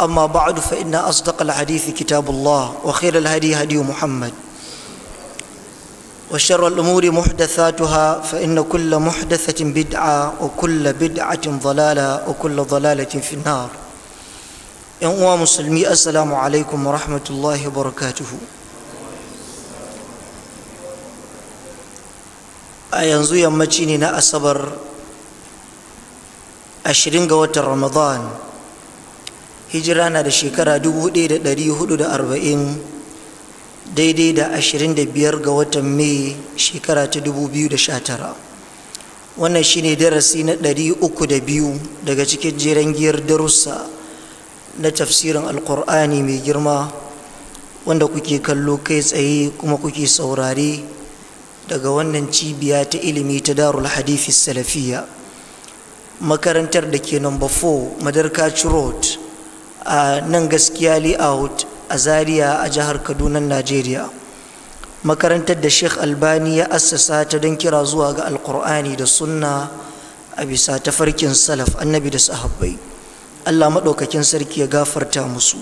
أما بعد فإن أصدق الحديث كتاب الله وخير الهدي هدي محمد وشر الأمور محدثاتها فإن كل محدثة بدعة وكل بدعة ضلالة وكل ضلالة في النار يوم مسلمي السلام عليكم ورحمة الله وبركاته أينزو يمتيني نأسبر أشرين قوة رمضان hijira na da shekara 1440 daidai da 25 ga watan mai shekara ta 2019 wannan shine darasi na 302 daga cikin jiran giyar darussa na tafsirin alkur'ani mai girma wanda kuke kallo kai tsaye kuma kuke saurare daga wannan cibiya ta ilimi ta darul hadithi salafiya makarantar da ke number 4 madarkaci road a nan gaskiya layout a zaria a jihar kaduna najeriya makarantar da sheikh albani ya assasa ta don kira zuwa ga alkur'ani da sunna a bisa tafarkin salaf annabi da sahabbai allah maɗaukakin sarki ya gafarta musu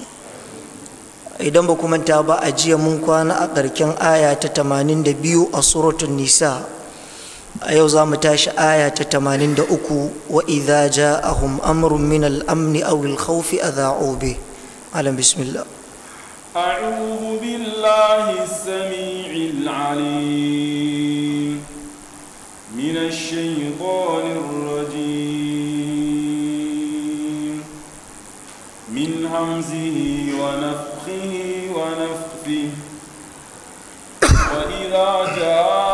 idan ba kuma ta ba a jiya mun kwana a ƙarken aya ta 82 a suratun nisa ايو زام تاش آية تتمانين دا اكو وإذا جاءهم أمر من الأمن أو الخوف أذاعو به أهلا بسم الله أعوذ بالله السميع العليم من الشيطان الرجيم من همزه ونفخه ونفثه وإذا جاءهم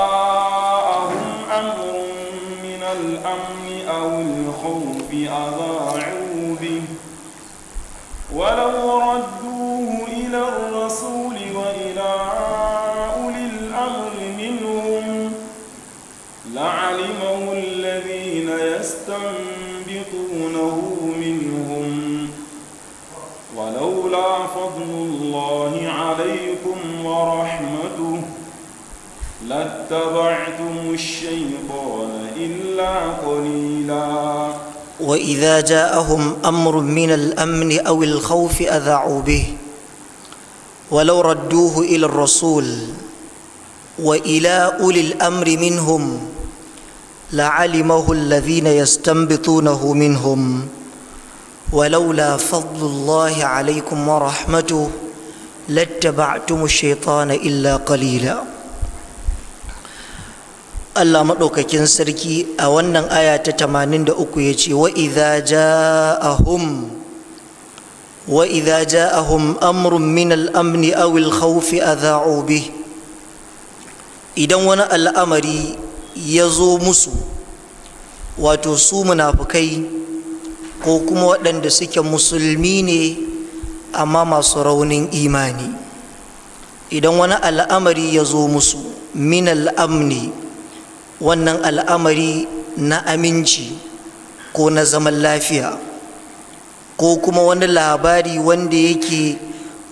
أضاعوا به ولو ردوه إلى الرسول وإلى أولي الأمر منهم لعلمه الذين يستنبطونه منهم ولولا فضل الله عليكم ورحمته لاتبعتم الشيطان إلا قليلاً واذا جاءهم امر من الامن او الخوف اذاعوا به ولو ردوه الى الرسول والى اولي الامر منهم لعلمه الذين يستنبطونه منهم ولولا فضل الله عليكم ورحمته لاتبعتم الشيطان الا قليلا Allah maɗaukakin sarki a wannan aya ta 83 ya ce wa'iza ja'ahum وإذا جاءهم أمر amni الأمن أو الخوف أذاعوا idan wani al'amari ya zo musu wato su munafukai ko kuma waɗanda suke musulmi ne amma masu raunin imani idan wani al'amari ya zo musu min amni. wannan al'amari na aminci ko na zaman lafiya ko kuma wani labari wanda yake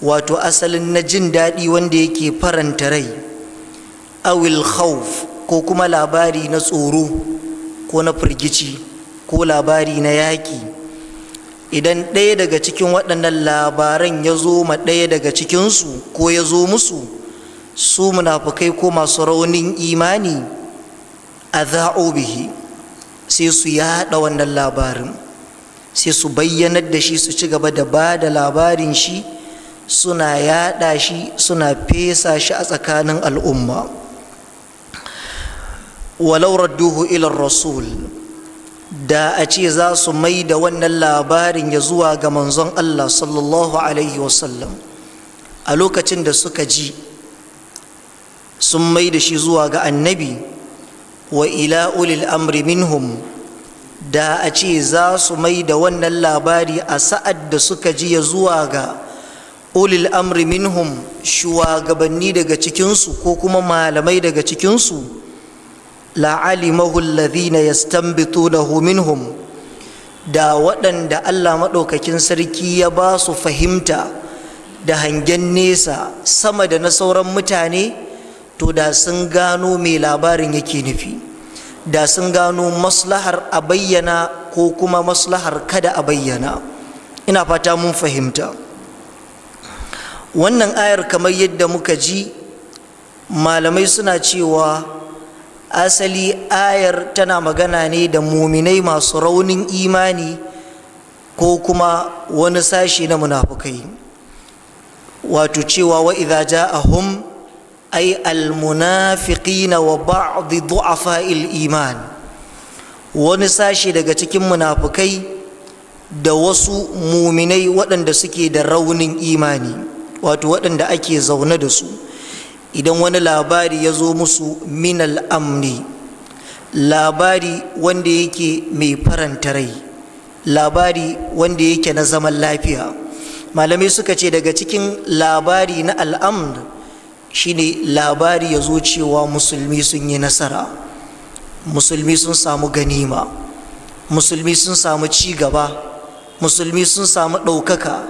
wato asalin na jin daɗi wanda yake faranta rai awil khawf ko kuma labari na tsoro ko na firgici ko labari na yaƙi idan ɗaya daga cikin waɗannan labaran ya zo ma ɗaya daga cikinsu ko ya zo musu su munafukai ko masu raunin imani adha'u bihi sai su yaɗa wannan labarin sai su bayyanar da shi su ci gaba da ba da labarin shi suna yaɗa shi suna fesa shi a tsakanin al'umma walau radduhu ilar rasul da a ce za su mai da wannan labarin ya zuwa ga manzon Allah sallallahu alaihi wasallam a lokacin da suka ji sun mai da shi zuwa ga annabi wa ila ulil amri minhum da a ce za su mai da wannan labari a sa'ad da suka ji ya zuwa ga ulil amri minhum shugabanni daga cikinsu ko kuma malamai daga cikinsu la'alimahu alladhina yastanbitunahu minhum da waɗanda Allah maɗaukakin sarki ya ba su fahimta da hangen nesa sama da na sauran mutane to da sun gano mai labarin yake nufi da sun gano maslahar a bayyana ko kuma maslahar kada a bayyana ina fata mun fahimta wannan ayar kamar yadda muka ji malamai suna cewa asali ayar tana magana ne da muminai masu raunin imani ko kuma wani sashi na munafukai wato cewa wa idza ja'ahum wa al ba'd du'afa al iman. Wani sashi daga cikin munafikai da wasu muminai waɗanda suke da raunin imani wato waɗanda ake zaune da su idan wani labari ya zo musu min amni, labari wanda yake mai faranta rai labari wanda yake na zaman lafiya malamai suka ce daga cikin labari na al'amni shine labari ya zo cewa musulmi sun yi nasara musulmi sun samu ganima musulmi sun samu ci gaba musulmi sun samu ɗaukaka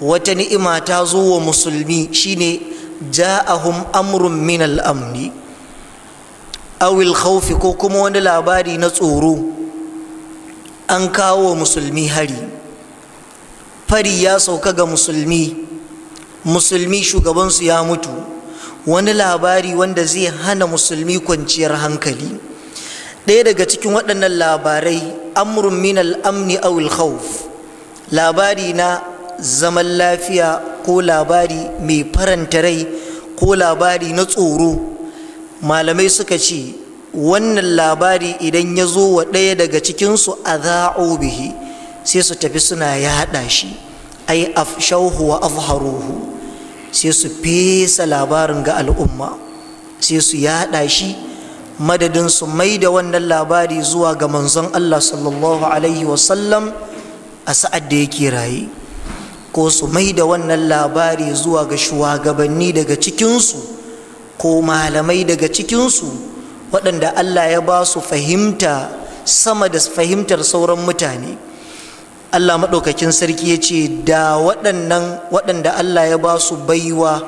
wata ni'ima ta zo wa musulmi shine ja'ahum amrun min al'amni awil khawfi ko kuma wani labari na tsoro an kawo musulmi hari fari ya sauka ga musulmi musulmi shugabansu ya mutu wani labari wanda zai hana musulmi kwanciyar hankali ɗaya daga cikin waɗannan labarai amrun min al'amni awil khawf labari na zaman lafiya ko labari mai faranta rai ko labari na tsoro malamai suka ce wannan labari idan ya zo wa ɗaya daga cikinsu a za'o bihi sai su tafi suna yaɗa shi ai afshauhu wa afharuhu sai su fesa labarin ga al'umma sai su yaɗa shi madadin su mai da wannan labari zuwa ga manzon Allah sallallahu alaihi wasallam a sa'ad da yake raye ko su mai da wannan labari zuwa ga shugabanni daga cikinsu ko malamai daga cikinsu waɗanda Allah ya ba su fahimta sama da fahimtar sauran mutane. Allah maɗaukakin sarki ya ce da waɗannan waɗanda Allah ya ba su baiwa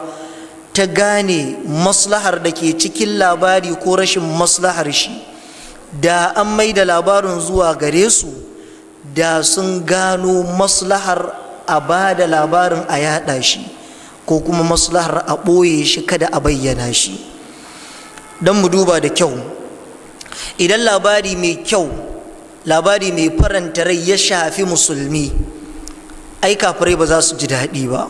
ta gane maslahar da ke cikin labari ko rashin maslahar shi da an mai da labarin zuwa gare su da sun gano maslahar a ba da labarin a yaɗa shi ko kuma maslahar a ɓoye shi kada a bayyana shi don mu duba da kyau idan labari mai kyau labari mai faranta rai ya shafi musulmi ai kafirai ba za su ji daɗi ba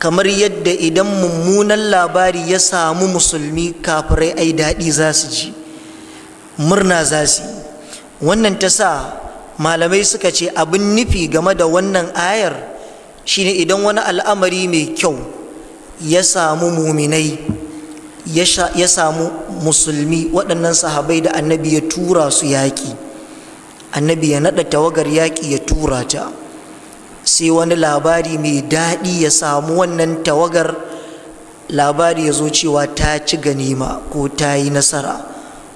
kamar yadda idan mummunan labari ya samu musulmi kafirai ai daɗi za su ji murna za su wannan ta sa malamai suka ce abin nufi game da wannan ayar shine idan wani al'amari mai kyau ya samu muminai ya samu musulmi waɗannan sahabai da annabi ya tura su yaƙi annabi ya naɗa tawagar yaƙi ya tura ta sai wani labari mai daɗi ya samu wannan tawagar labari ya zo cewa ta ci ganima ko ta yi nasara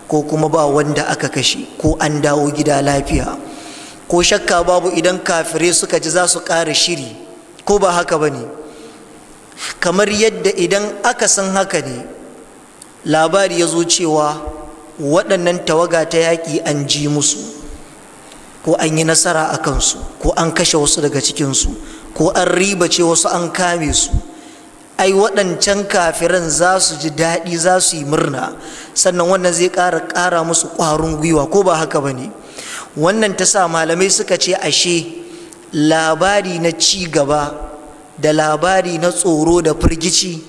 ko kuma ba wanda aka kashe ko an dawo gida lafiya ko shakka babu idan kafire suka ji za su ƙara shiri ko ba haka ba ne kamar yadda idan aka san haka ne labari ya zo cewa waɗannan tawaga ta yaƙi an ji musu ko an yi nasara a kansu ko an kashe wasu daga cikinsu ko an ribace wasu an kame su ai waɗancan kafiran za su ji daɗi za su yi murna sannan wannan zai ƙara ƙara musu ƙwarin gwiwa ko ba haka ba ne wannan ta sa malamai suka ce ashe labari na ci gaba da labari na tsoro da firgici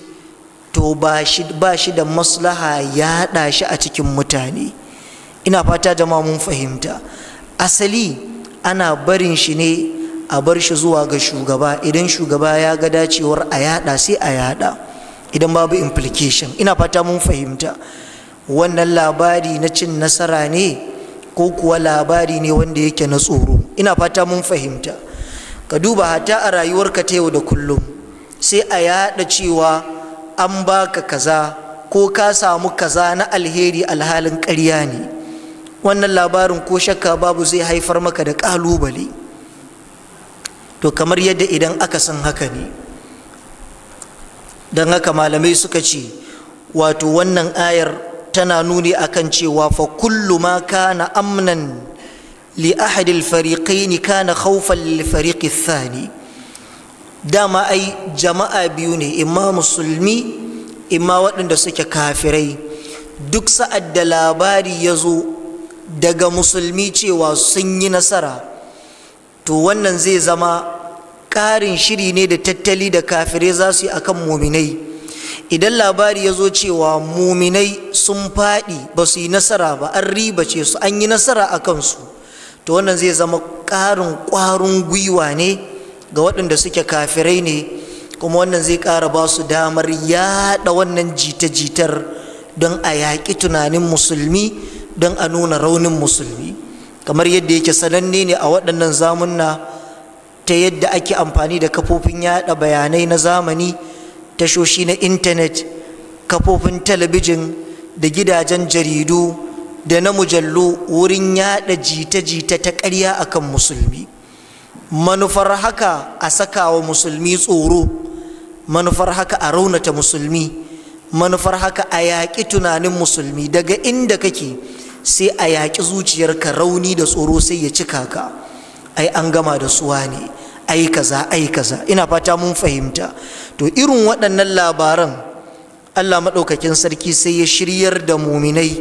to ba shi da maslaha ya shi a cikin mutane ina fata jama'a mun fahimta asali ana barin shi ne a bar shi zuwa ga shugaba idan shugaba ya ga dacewar a yada sai a yada idan babu implication ina fata mun fahimta wannan labari na cin nasara ne ko kuwa labari ne wanda yake na tsoro ina fata mun fahimta ka duba hata a rayuwarka ta yau da kullum sai a yada cewa an baka kaza ko ka samu kaza na alheri alhalin ƙarya ne wannan labarin ko shakka babu zai haifar maka da ƙalubale to kamar yadda idan aka san haka ne don haka malamai suka ce wato wannan ayar tana nuni akan cewa fa kullu ma kana amnan li ahadil fariqaini kana khawfan lil fariqi thani dama ai jama'a biyu ne imma musulmi imma waɗanda suke kafirai duk sa'ad da labari ya zo daga musulmi cewa sun yi nasara to wannan zai zama ƙarin shiri ne da tattali da kafirai za su yi akan muminai idan labari ya zo cewa muminai sun faɗi ba su yi nasara ba an riba ce su an yi nasara a kansu to wannan zai zama ƙarin ƙwarin gwiwa ne ga waɗanda suke kafirai ne kuma wannan zai ƙara ba su damar yaɗa wannan jita-jitar don a yaƙi tunanin musulmi don a nuna raunin musulmi kamar yadda yake sananne ne a waɗannan zamunna ta yadda ake amfani da kafofin yaɗa bayanai na zamani tashoshi na intanet kafofin talabijin da gidajen jaridu da na mujallu wurin yaɗa jita-jita ta ƙarya akan musulmi manufar haka a saka wa musulmi tsoro manufar haka a raunata musulmi manufar haka a yaƙi tunanin musulmi daga inda kake sai a yaƙi zuciyarka rauni da tsoro sai ya cika ka ai an gama da suwa ne ai kaza ai kaza ina fata mun fahimta to irin waɗannan labaran Allah maɗaukakin sarki sai ya shiryar da muminai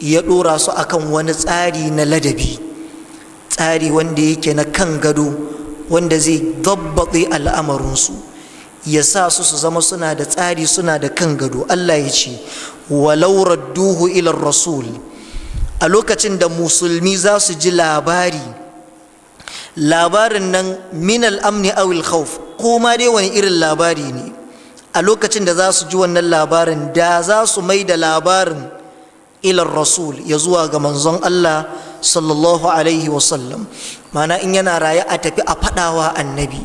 ya ɗora su akan wani tsari na ladabi tsari wanda yake na kan gado wanda zai dabbaɗe al'amarinsu ya sa su su zama suna da tsari suna da kan gado Allah ya ce walau radduhu ilar rasul a lokacin da musulmi za su ji labari labarin nan minal amni awil khawf ko ma dai wani irin labari ne a lokacin da za su ji wannan labarin da za su mai da labarin ilar rasul ya zuwa ga manzon Allah sallallahu alaihi wasallam mana in yana raye a tafi a faɗawa annabi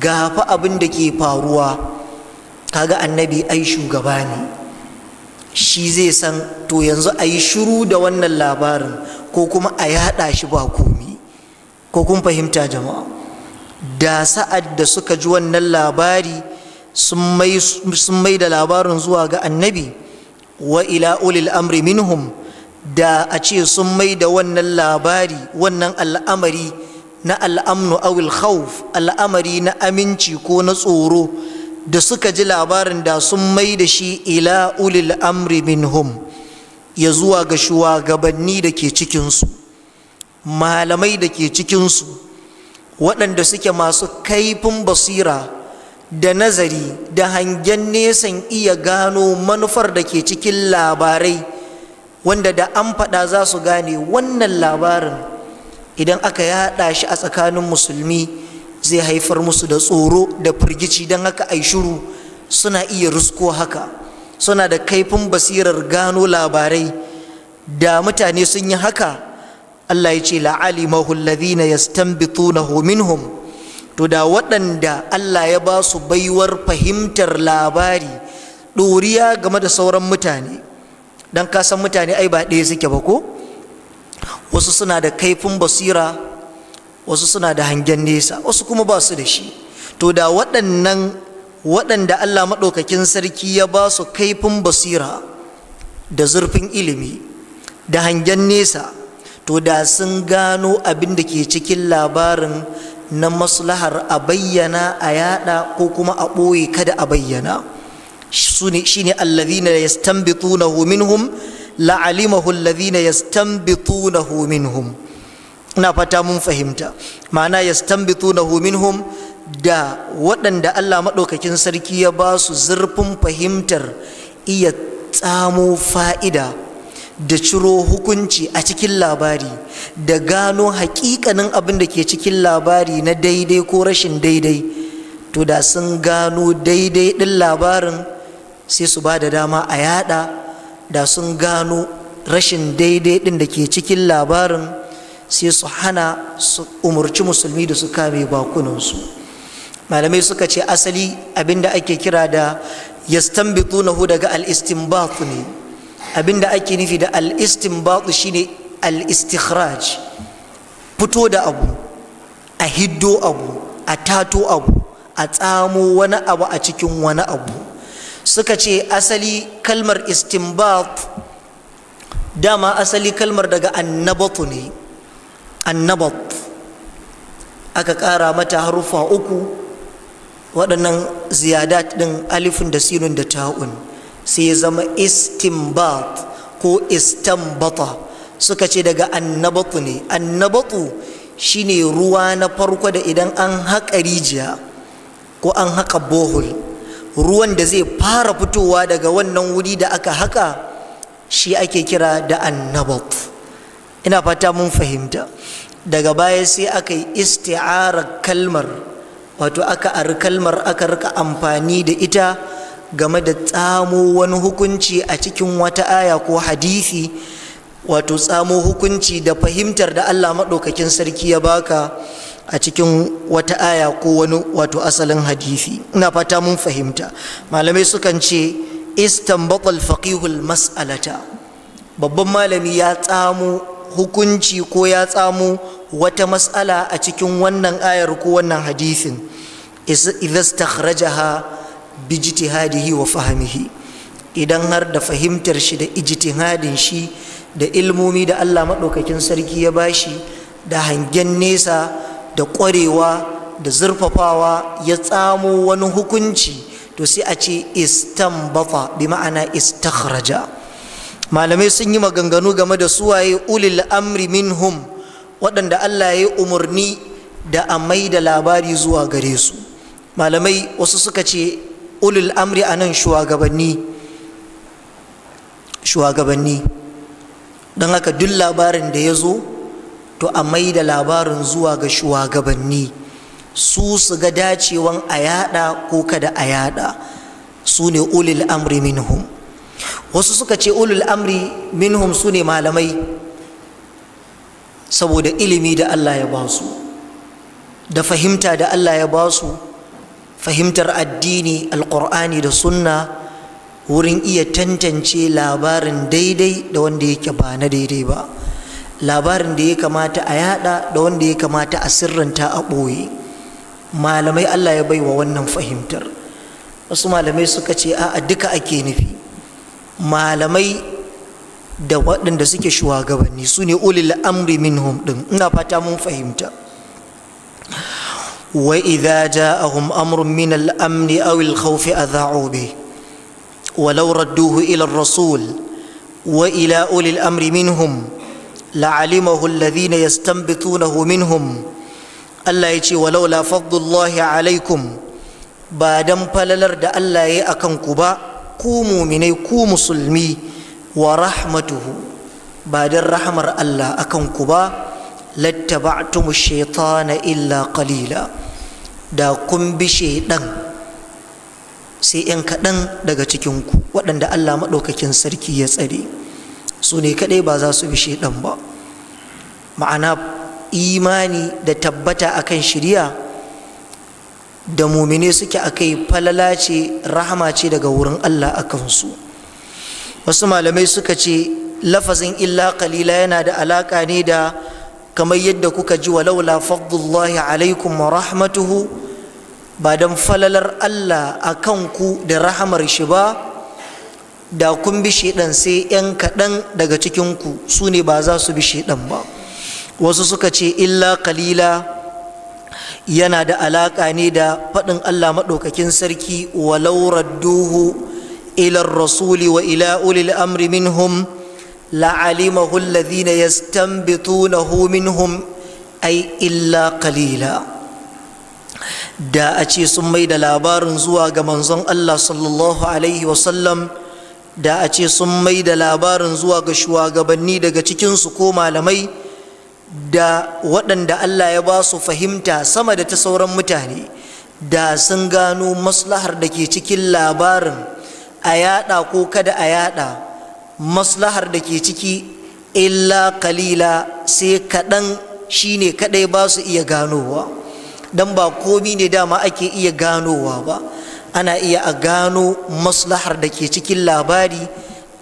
gafa abin da ke faruwa kaga annabi ai shugaba ne shi zai san to yanzu a yi shiru da wannan labarin ko kuma a haɗa shi ba komi ko kun fahimta jama'a da sa'ad da suka ji wannan labari sun mai da labarin zuwa ga annabi wa ila ulil amri minhum da a ce sun mai da wannan labari wannan al'amari na al'amnu awil khawf al'amari na aminci ko na tsoro da suka ji labarin da sun mai da shi ila ulil amri minhum ya zuwa ga shugabanni da ke cikinsu malamai da ke cikinsu waɗanda suke masu kaifin basira da nazari da hangen nesan iya gano manufar da ke cikin labarai wanda da an faɗa za su gane wannan labarin idan aka yaɗa shi a tsakanin musulmi zai haifar musu da tsoro da firgici don haka ai shiru suna iya rusko haka suna da kaifin basirar gano labarai da mutane sun yi haka Allah ya ce la'alimahu alladhina yastanbitunahu minhum to da waɗanda Allah ya ba su baiwar fahimtar labari ɗoriya game da sauran mutane don kasan mutane ai ba ɗaya suke ba ko wasu suna da kaifin basira wasu suna da hangen nesa wasu kuma ba su da shi to da waɗannan waɗanda Allah maɗaukakin sarki ya ba su kaifin basira da zurfin ilimi da hangen nesa to da sun gano abin da ke cikin labarin na maslahar a bayyana a yada ko kuma a ɓoye kada a bayyana shi ne allazina yastanbitunahu minhum la'alimahu allazina yastanbitunahu minhum ina fata mun fahimta ma'ana yastambitunahu minhum da waɗanda Allah maɗaukakin sarki ya ba su zurfin fahimtar iya tsamo fa'ida da ciro hukunci a cikin labari da gano haƙiƙanin abin da ke cikin labari na daidai ko rashin daidai to da sun gano daidai ɗin labarin sai su ba da dama a yada da sun gano rashin daidai ɗin da ke cikin labarin sai su hana su umurci musulmi da su kame bakunansu malamai suka ce asali abinda ake kira da yastambitunahu daga al-istinbat ne abinda ake nufi da al-istinbat shine al-istikhraj fito da abu a hiddo abu a tato abu a tsamo wani abu a cikin wani abu suka ce asali kalmar istinbat dama asali kalmar daga annabatu ne annabat aka kara mata haruffa uku waɗannan ziyadat ɗin alifin da sinun da ta'un sai ya zama istimbat ko istambata suka ce daga annabatu ne annabatu shine ruwa na farko da idan an haƙa rijiya ko an haƙa bohol ruwan da zai fara fitowa daga wannan wuri da aka haƙa shi ake kira da annabatu. ina fata mun fahimta daga baya sai aka yi isti'arar kalmar wato aka ari kalmar aka rika amfani da ita game da tsamo wani hukunci a cikin wata aya ko hadisi wato tsamo hukunci da fahimtar da Allah maɗaukakin sarki ya baka a cikin wata aya ko wani wato asalin hadisi ina fata mun fahimta malamai sukan ce istanbatul faqihul mas'alata babban malami ya tsamo hukunci ko ya tsamo wata matsala a cikin wannan ayar ko wannan hadisin idza ha bi ijtihadihi wa fahmihi idan har da fahimtar shi da ijitihadin shi da ilmomi da Allah madaukakin sarki ya bashi da hangen nesa da ƙwarewa da zurfafawa ya tsamo wani hukunci to sai a ce istanbata bi ma'ana istakhraja malamai sun yi maganganu game da suwaye ulil amri minhum waɗanda Allah ya yi umarni da a mai da labari zuwa gare su malamai wasu suka ce ulil amri a nan shugabanni shugabanni don haka duk labarin da ya zo to a mai da labarin zuwa ga shugabanni su su ga dacewan a yada ko kada a yada su ne ulil amri minhum wasu suka ce ulul amri minhum su ne malamai saboda ilimi da Allah ya ba su da fahimta da Allah ya ba su fahimtar addini alƙur'ani da sunna wurin iya tantance labarin daidai da wanda yake ba na daidai ba labarin da ya kamata a yada da wanda ya kamata a sirranta a ɓoye malamai Allah ya baiwa wannan fahimtar wasu malamai suka ce a duka ake nufi malamai da waɗanda suke shugabanni su ne ulil amri minhum ɗin ina fata mun fahimta wa idza ja'ahum amrun min al-amn aw al-khawf adha'u bi walau radduhu ila ar-rasul wa ila ulil amri minhum la'alimahu alladhina yastanbitunahu minhum Allah yace walau walaula fadlullahi alaikum ba dan falalar da Allah yayi a akan ku ba ku muminai ku musulmi wa rahmatuhu ba don rahamar Allah akan ku ba lattaba'tum shaitana illa qalila da kun bi shaidan sai yan kaɗan daga cikinku waɗanda Allah maɗaukakin sarki ya tsare su ne kaɗai ba za su bi shaidan ba ma'ana imani da tabbata akan shirya da mumine suke akai falala ce rahama ce daga wurin Allah akan su wasu malamai suka ce lafazin illa kalila yana da alaƙa ne da kamar yadda kuka ji walaula fadlullahi alaikum wa rahmatuhu ba dan falalar Allah akan ku da rahamar shi ba da kun bi dan sai yan kaɗan daga cikin ku su ne ba za su bi dan ba wasu suka ce illa kalila. yana da alaƙa ne da faɗin Allah maɗaukakin sarki walau radduhu ilar rasuli wa ila ulil amri minhum la'alimahu alladhina yastanbitunahu minhum ai illa qalila da a ce sun mai da labarin zuwa ga manzon Allah sallallahu alaihi sallam da a ce sun mai da labarin zuwa ga shugabanni daga cikinsu ko malamai da waɗanda Allah ya ba su fahimta sama da ta sauran mutane da sun gano maslahar da ke cikin labarin a yaɗa ko kada a yaɗa maslahar da ke ciki illa kalila sai kaɗan shi ne kaɗai ba su iya ganowa don ba komi ne dama ake iya ganowa ba ana iya a gano maslahar da ke cikin labari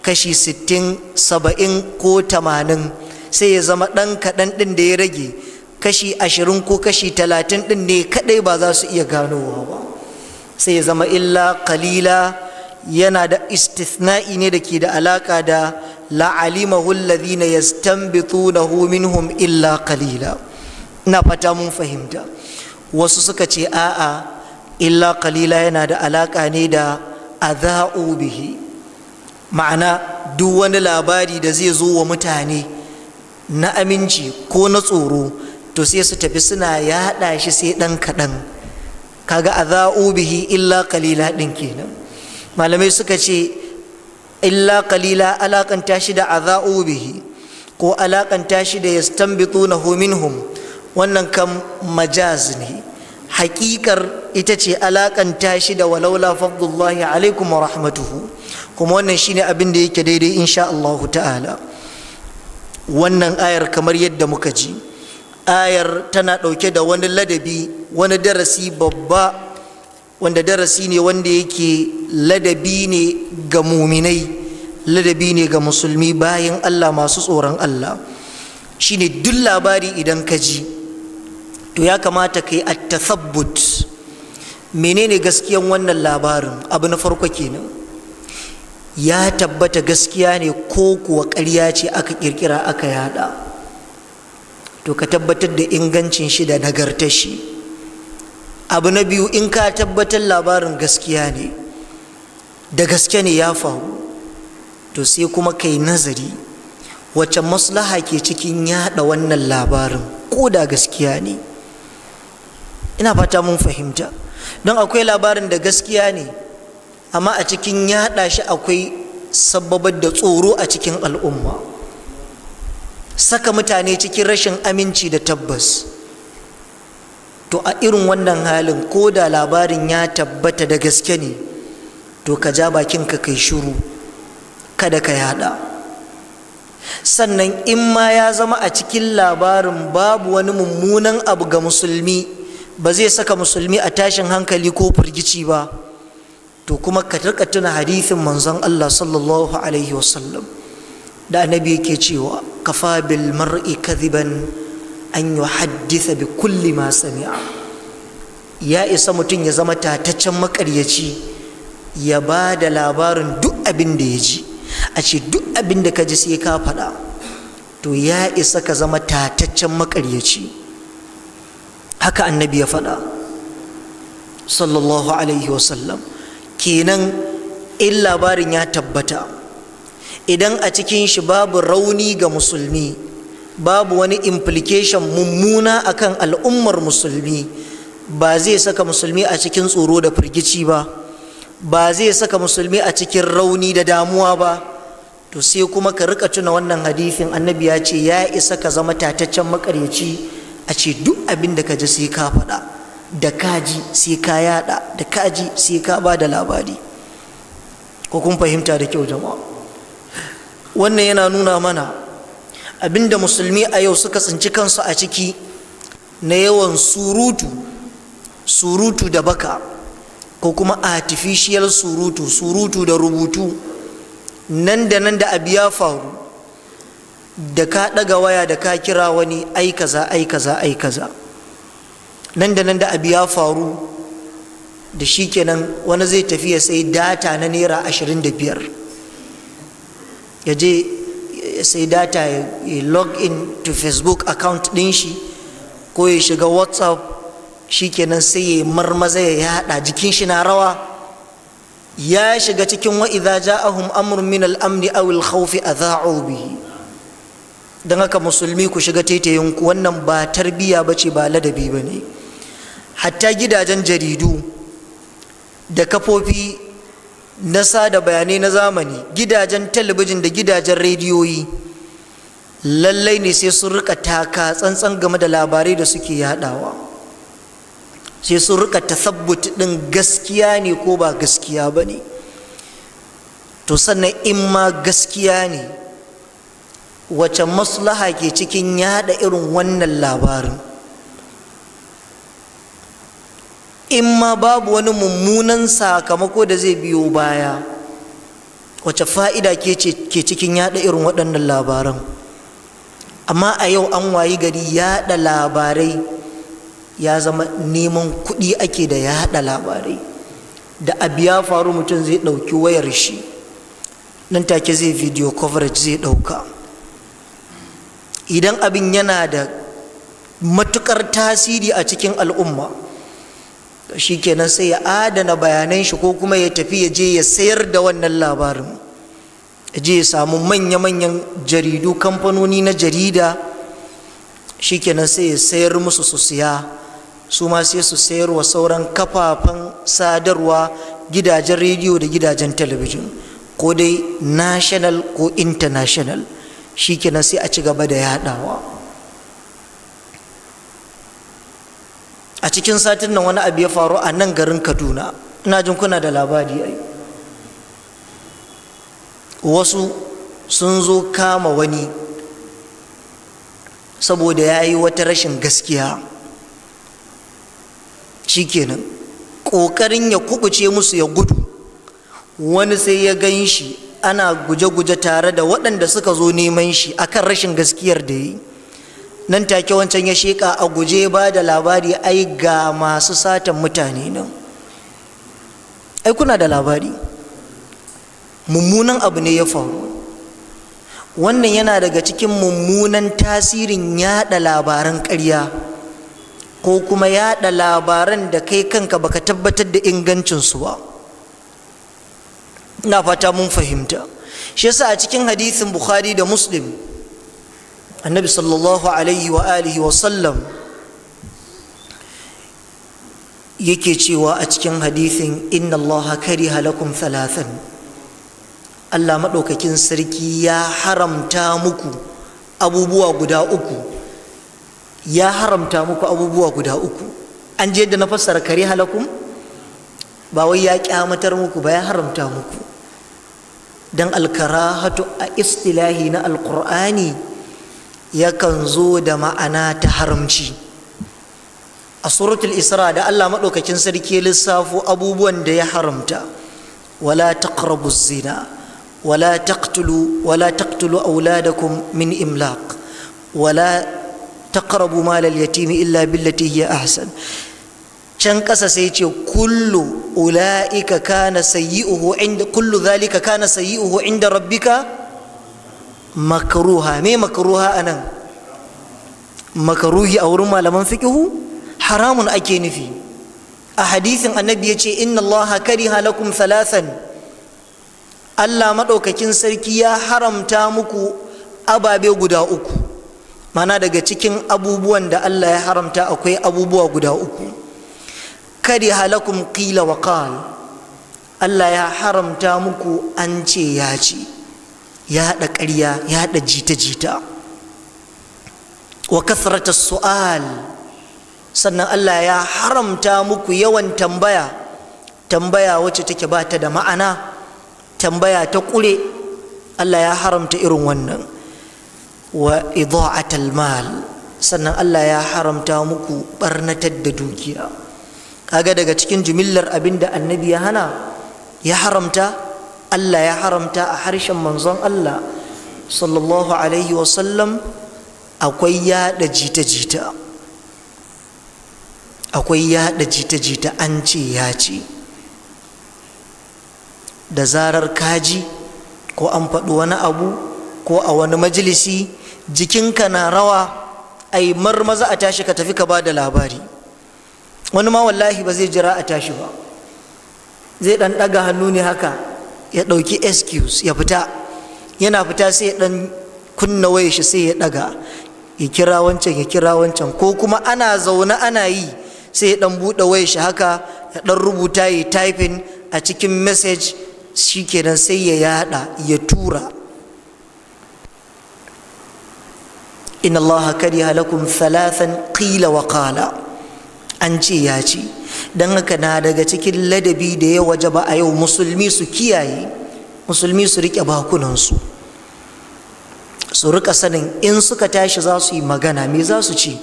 kashi sittin saba'in ko tamanin. sai ya zama ɗan kaɗan ɗin da ya rage kashi ashirin ko kashi talatin ɗin ne kaɗai ba za su iya ganowa ba sai ya zama illa kalila yana da istithna'i ne da ke da alaƙa da la'alimahu alladhina yastanbitunahu minhum illa qalila na fata mun fahimta wasu suka ce a'a illa kalila yana da alaƙa ne da adha'u bihi ma'ana duk wani labari da zai zo wa mutane na aminci ko na tsoro to sai su tafi suna yaɗa shi sai ɗan kaɗan kaga aza'u bihi illa kalila ɗin kenan malamai suka ce illa kalila alakanta shi da aza'u bihi ko alaƙanta shi da na minhum wannan kan majaz ne Haƙiƙar ita ce alaƙanta shi da walaula fadlullahi alaikum wa rahmatuhu kuma wannan shine abin da yake daidai insha Allah ta'ala wannan ayar kamar yadda muka ji ayar tana ɗauke da wani ladabi wani darasi babba wanda darasi ne wanda yake ladabi ne ga muminai ladabi ne ga musulmi bayan allah masu tsoron allah shine duk labari idan ka ji to ya kamata ka yi attasabbut menene gaskiyan wannan labarin abu na farko kenan ya tabbata gaskiya ne ko kuwa ƙarya ce aka ƙirƙira aka yada to ka tabbatar da ingancin shi da nagartar shi abu na biyu in ka tabbatar labarin gaskiya ne da gaske ne ya faru to sai kuma kai nazari wacce maslaha ke cikin yada wannan labarin ko da gaskiya ne ina fata mun fahimta don akwai labarin da gaskiya ne amma a cikin yaɗa shi akwai sababar da tsoro a cikin al'umma saka mutane cikin rashin aminci da tabbas to a irin wannan halin ko da labarin ya tabbata da gaske ne to ka ja bakinka kai shiru kada ka yada sannan in ma ya zama a cikin labarin babu wani mummunan abu ga musulmi ba zai saka musulmi a tashin hankali ko firgici ba to kuma ka tarka tuna hadisin manzon Allah sallallahu alaihi wasallam da annabi yake cewa kafa bil mar'i kadhiban an yuhaddisa bi kulli ma sami'a ya isa mutum ya zama tataccen makaryaci ya ba da labarin duk abin da ya ji a ce duk abin da ka ji sai ka faɗa to ya isa ka zama tataccen makaryaci haka annabi ya faɗa sallallahu alaihi wasallam kenan in labarin ya tabbata idan a cikin shi babu rauni ga musulmi babu wani implication mummuna akan al'ummar musulmi ba zai saka musulmi a cikin tsoro da firgici ba ba zai saka musulmi a cikin rauni da damuwa ba to sai kuma ka rika tuna wannan hadisin annabi ya ce ya isa ka zama tataccen makaryaci a ce duk abin da ka ji sai ka faɗa da kaji sai ka yada da kaji sai ka ba da labari ko kun fahimta da kyau jama'a wannan yana nuna mana abinda musulmi a yau suka tsinci kansu a ciki na yawan surutu surutu da baka ko kuma artificial surutu surutu da rubutu nan da nan da abu ya faru da ka ɗaga waya da ka kira wani ai kaza ai kaza ai kaza nan da nan da abu ya faru da shi kenan wani zai tafi ya sai data na naira ashirin da biyar ya je sai data ya log in to facebook account din shi ko ya shiga whatsapp shi kenan sai ya marmaza ya haɗa jikin shi na rawa ya shiga cikin idza ja'ahum amrun min aw al-khawf a bihi don haka musulmi ku shiga ku wannan ba tarbiya ba ba ladabi ba hatta gidajen jaridu da kafofi na sada bayanai na zamani gidajen talabijin da gidajen rediyoyi lallai ne sai sun rika taka tsantsan game da labarai da suke yadawa sai sun rika tasabbut din gaskiya ne ko ba gaskiya ba ne to sannan in ma gaskiya ne wacce maslaha ke cikin yada irin wannan labarin in ma babu wani mummunan sakamako da zai biyo baya wace fa'ida ke cikin yaɗa irin waɗannan labaran amma a yau an wayi gari yaɗa labarai ya zama neman kuɗi ake da yaɗa labarai da abu ya faru mutum zai ɗauki wayar shi nan take zai video coverage zai ɗauka idan abin yana da matukar tasiri a cikin al'umma to shikenan sai ya adana bayanan shi ko kuma ya tafi ya je ya sayar da wannan labarin ya je ya samu manya-manyan jaridu kamfanoni na jarida shikenan sai ya sayar musu su siya su ma sai su sayar wa sauran kafafen sadarwa gidajen rediyo da gidajen talabijin ko dai national ko international shikenan sai a ci gaba da yadawa a cikin satin nan wani abu ya faru a nan garin kaduna ina jin kuna da labari ai wasu sun zo kama wani saboda ya yi wata rashin gaskiya shikenan ƙoƙarin ya kubuce musu ya gudu wani sai ya gan shi ana guje-guje tare da waɗanda suka zo neman shi akan rashin gaskiyar da ya yi nan take wancan ya shika a guje ba da labari ai ga masu satan mutane nan ai kuna da labari mummunan abu ne ya faru wannan yana daga cikin mummunan tasirin yaɗa labaran ƙarya ko kuma yaɗa labaran da kai kanka baka tabbatar da ingancinsu ba ina fata mun fahimta shi yasa a cikin hadisin bukhari da muslim annabi sallallahu alaihi wa alihi wa sallam yake cewa a cikin hadithin inna allaha kariha lakum thalathan Allah maɗaukakin sarki ya haramta muku abubuwa guda uku ya haramta muku abubuwa guda uku an je da na fassara kare halakum ba wai ya kyamatar muku ba ya haramta muku dan alkarahatu a istilahi na alkur'ani yakan zo da ma'ana ta haramci a suratul isra da allah maɗaukakin sarki lissafo abubuwan da ya haramta wala taqrabu zina wala taqtulu wala taqtulu auladakum min imlaq wala taqrabu mal al yatimi illa billati hiya ahsan can ƙasa sai ce kullu ula'ika kana sayyi'uhu inda kullu dhalika kana sayyi'uhu inda rabbika makaruha me makaruha nan makaruhi a wurin malaman fiqhu haramun ake nufi a hadisin annabi ya ce inna Allah kariha lakum salasan Allah maɗaukakin sarki ya haramta muku ababe guda uku mana daga cikin abubuwan da Allah ya haramta akwai abubuwa guda uku kariha lakum qila wa Allah ya haramta muku an ce ya ce ya haɗa ƙarya ya haɗa jita-jita wa kasrata su'al sannan Allah ya haramta muku yawan tambaya tambaya wacce take ba ta da ma'ana tambaya ta ƙure Allah ya haramta irin wannan wa idha'atal mal sannan Allah ya haramta muku ɓarnatar da dukiya kaga daga cikin jimillar abin da annabi ya hana ya haramta Allah ya haramta a harshen manzon Allah sallallahu alaihi wasallam akwai yada jita-jita akwai yada jita-jita an ce ya ce da zarar kaji ko an faɗi wani abu ko a wani majalisi jikinka na rawa ai marmaza a tashi ka tafi ka ba da labari wani ma wallahi ba zai jira a tashi ba zai ɗan ɗaga hannu ne haka ya ɗauki excuse ya fita yana fita sai ya ɗan kunna waya shi sai ya ɗaga ya kira wancan ya kira wancan ko kuma ana zaune ana yi sai ya ɗan buɗe waya shi haka ya ɗan rubuta ya typing a cikin message shi kenan sai ya yada ya tura inna allaha kariha lakum thalathan qila wa qala an ce ya ce Dan haka na daga cikin ladabi da ya waje ba a yau musulmi su kiyaye musulmi su rike bakunansu su su rika sanin in suka tashi za su yi magana me za su ce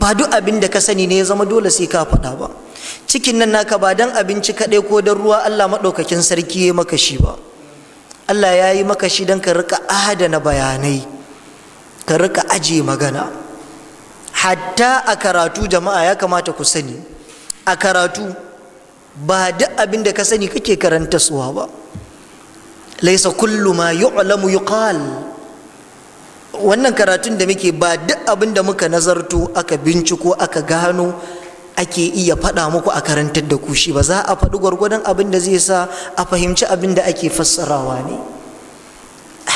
ba duk abin da ka sani ne ya zama dole sai ka faɗa ba cikin nan naka ba don abinci kaɗai ko don ruwa allah maɗaukakin sarki ya maka shi ba allah ya yi maka shi don ka ahada adana bayanai ka rika ajiye magana hatta a karatu jama'a ya kamata ku sani a karatu ba duk abin da ka sani kake karanta suwa ba laisa kullu ma yu'lamu yuqal wannan karatun da muke ba duk abin da muka nazarto aka binciko aka gano ake iya faɗa muku a karantar da ku shi ba za a faɗi gwargwadon abin da zai sa a fahimci abin da ake fassarawa ne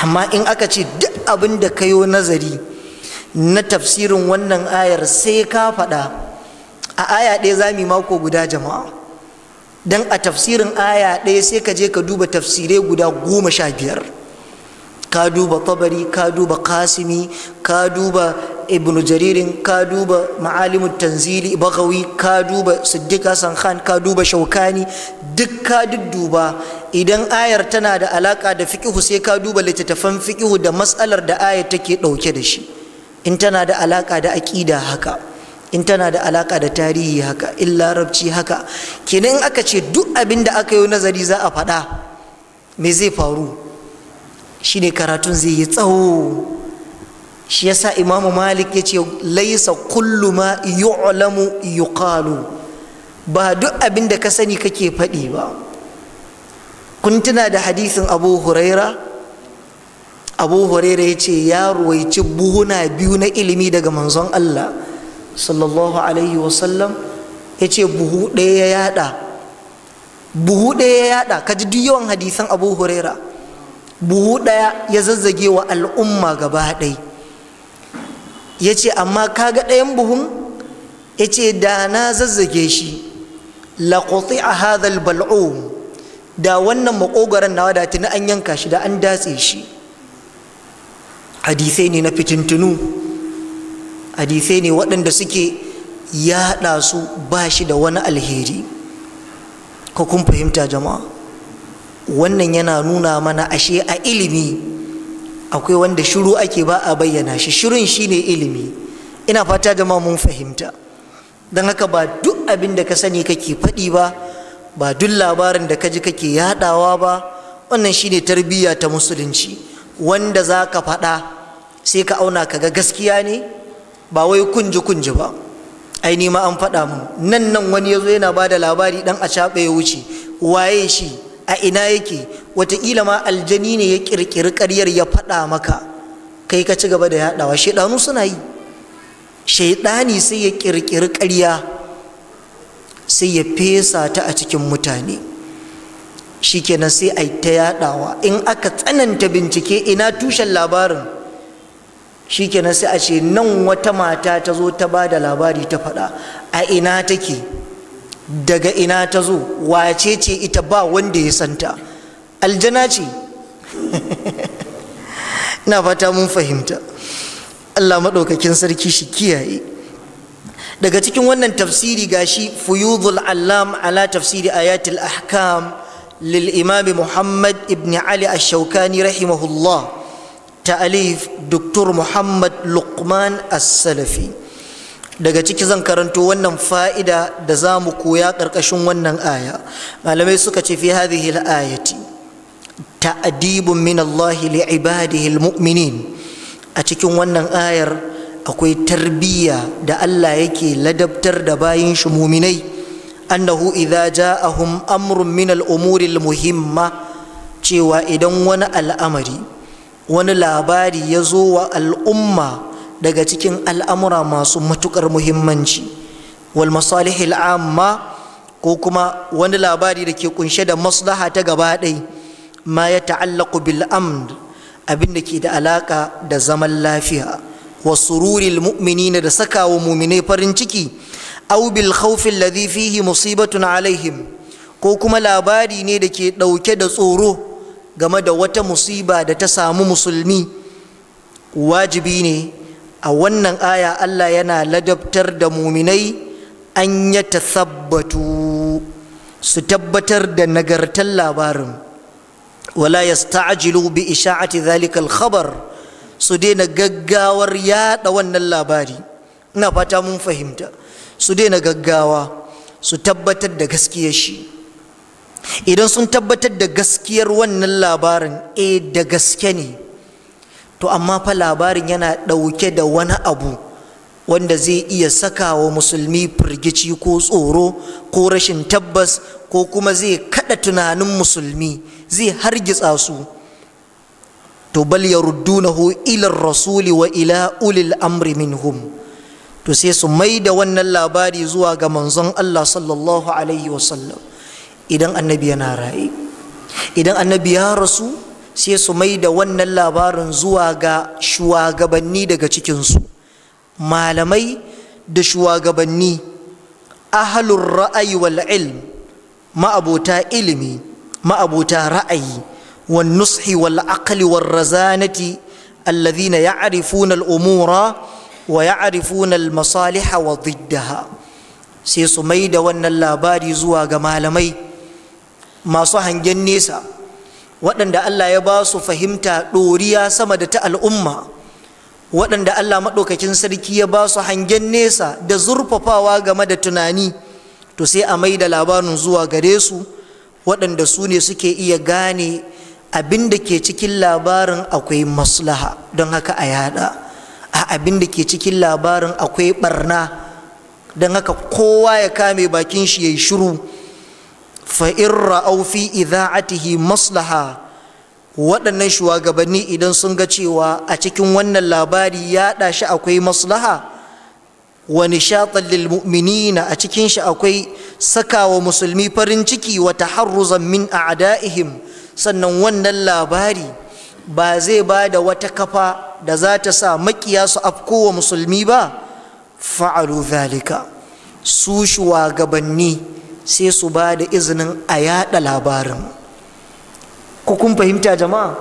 amma in aka ce duk abin da kayo nazari na tafsirin wannan ayar sai ka faɗa a aya ɗaya za mu mako guda jama'a don a tafsirin aya ɗaya sai ka je ka duba tafsirai guda goma sha biyar ka duba tabari ka duba kasimi ka duba ibn jaririn ka duba ma'alimun tanzili bagawi ka duba siddiq hassan khan ka duba shaukani duk ka dudduba idan ayar tana da alaka da fiƙihu sai ka duba littattafan fiƙihu da matsalar da ayar take dauke da shi in tana da alaka da aƙida haka in tana da alaka da tarihi haka in larabci haka kenan aka ce duk abin da aka yi nazari za a faɗa me zai faru Shi ne karatun zai yi tsawo shi yasa imamu malik ya ce laisa kullu ma yu'lamu yuqalu ba duk abin da ka sani kake faɗi ba kun tuna da hadisin abu huraira abu huraira ya ce ya ruwaici buhuna biyu na ilimi daga manzon allah sallallahu alaihi wasallam ya ce buhu ɗaya ya yada buhu ɗaya ya yada ka ji duk yawan hadisan abu huraira buhu ɗaya ya zazzage wa al'umma gaba ɗai ya ce amma kaga ɗayan buhun ya ce da na zazzage shi laƙoƙi a hadal bal'o da wannan maƙogaran na da tuni an yanka shi da an datse shi hadisai ne na fitintunu hadisai ne waɗanda suke yaɗa su ba shi da wani alheri ko kun fahimta jama'a wannan yana nuna mana ashe a ilimi akwai wanda shiru ake ba a bayyana shi shirin shine ilimi ina fata jama'a mun fahimta Dan haka ba duk abin da ka sani kake faɗi ba ba duk labarin da ka kake yaɗawa ba wannan shine tarbiyya ta musulunci wanda za ka faɗa sai ka auna ka ga gaskiya ne ba wai kunji kunji ba ai ni ma an faɗa mu nan nan wani ya zo yana ba da labari ɗan a shaɓe ya wuce waye shi a ina yake wataƙila ma aljani ne ya ƙirƙiri ƙaryar ya faɗa maka kai ka ci gaba da yaɗawa shaiɗanu suna yi shaiɗani sai ya ƙirƙiri ƙarya sai ya fesa ta a cikin mutane shikenan sai a ta yaɗawa in aka tsananta bincike ina tushen labarin shikenan sai a ce nan wata mata ta zo ta ba da labari ta faɗa a ina take daga ina ta zo wace ce ita ba wanda ya santa aljana ce ina fata mun fahimta allah maɗaukakin sarki shi kiyaye daga cikin wannan tafsiri gashi fuyudul allam ala tafsiri ayatul ahkam lil imami muhammad ibn ali ash-shawkani rahimahullah ta'alif Dr. Muhammad Luqman As-Salafi daga ciki zan karanto wannan fa'ida da za mu koya ƙarƙashin wannan aya malamai suka ce fi hadhihi al-ayati ta'dibun min Allah al-mu'minin a cikin wannan ayar akwai tarbiyya da Allah yake ladabtar da bayin shi muminai annahu idza ja'ahum amrun min al-umuri al-muhimma cewa idan wani al'amari wani labari ya zo wa al'umma daga cikin al'amura masu matuƙar muhimmanci wal masalihil amma ko kuma wani labari da ke kunshe da maslaha ta gaba ɗai ma ya ta'allaku bil amd abin da ke da alaƙa da zaman lafiya wa sururil mu'minina da sakawa muminai farin ciki au bil khawfin ladhi fihi musibatun alaihim ko kuma labari ne da ke ɗauke da tsoro game da wata musiba da ta samu musulmi wajibi ne a wannan aya Allah yana ladabtar da muminai an ya su tabbatar da nagartar labarin wala yasta'jilu bi isha'ati zalikal khabar su daina gaggawar yaɗa wannan labari ina fata mun fahimta su daina gaggawa su tabbatar da gaskiyar shi idan sun tabbatar da gaskiyar wannan labarin eh da gaske ne to amma fa labarin yana ɗauke da wani abu wanda zai iya saka wa musulmi firgici ko tsoro ko rashin tabbas ko kuma zai kada tunanin musulmi zai hargitsa su to bal yaruddunahu ila rasuli wa ila ulil amri minhum to sai su mai da wannan labari zuwa ga manzon Allah sallallahu alaihi wasallam idan annabi yana raye idan annabi ya rasu sai su mai da wannan labarin zuwa ga shugabanni daga cikinsu malamai da shugabanni ahalun ra'ayi wal ilm ma'abota ilimi ma'abota ra'ayi wal nushi wal aqli wal razanati alladhina ya'rifuna al umura wa ya'rifuna al masaliha wa diddaha sai su mai da wannan labari zuwa ga malamai masu hangen nesa waɗanda Allah ya ba su fahimta ɗoriya sama da ta al'umma waɗanda Allah maɗaukakin sarki ya ba su hangen nesa da zurfafawa game da tunani to sai a mai da labarin zuwa gare su waɗanda su ne suke iya gane abin da ke cikin labarin akwai maslaha don haka a yada a abin da ke cikin labarin akwai barna don haka kowa ya kame bakin shi ya yi shiru fa'in aufi fi idza'atihi maslaha waɗannan shugabanni idan sun ga cewa a cikin wannan labari ya shi akwai maslaha wa nishaɗan lilmu'minina a cikin shi akwai sakawa musulmi farin ciki wata taharruzan min a'da'ihim sannan wannan labari ba zai ba da wata kafa da za ta sa makiya su afkowa musulmi ba fa'alu zalika su shugabanni sai su ba da izinin a yada labarin ku kun fahimta jama'a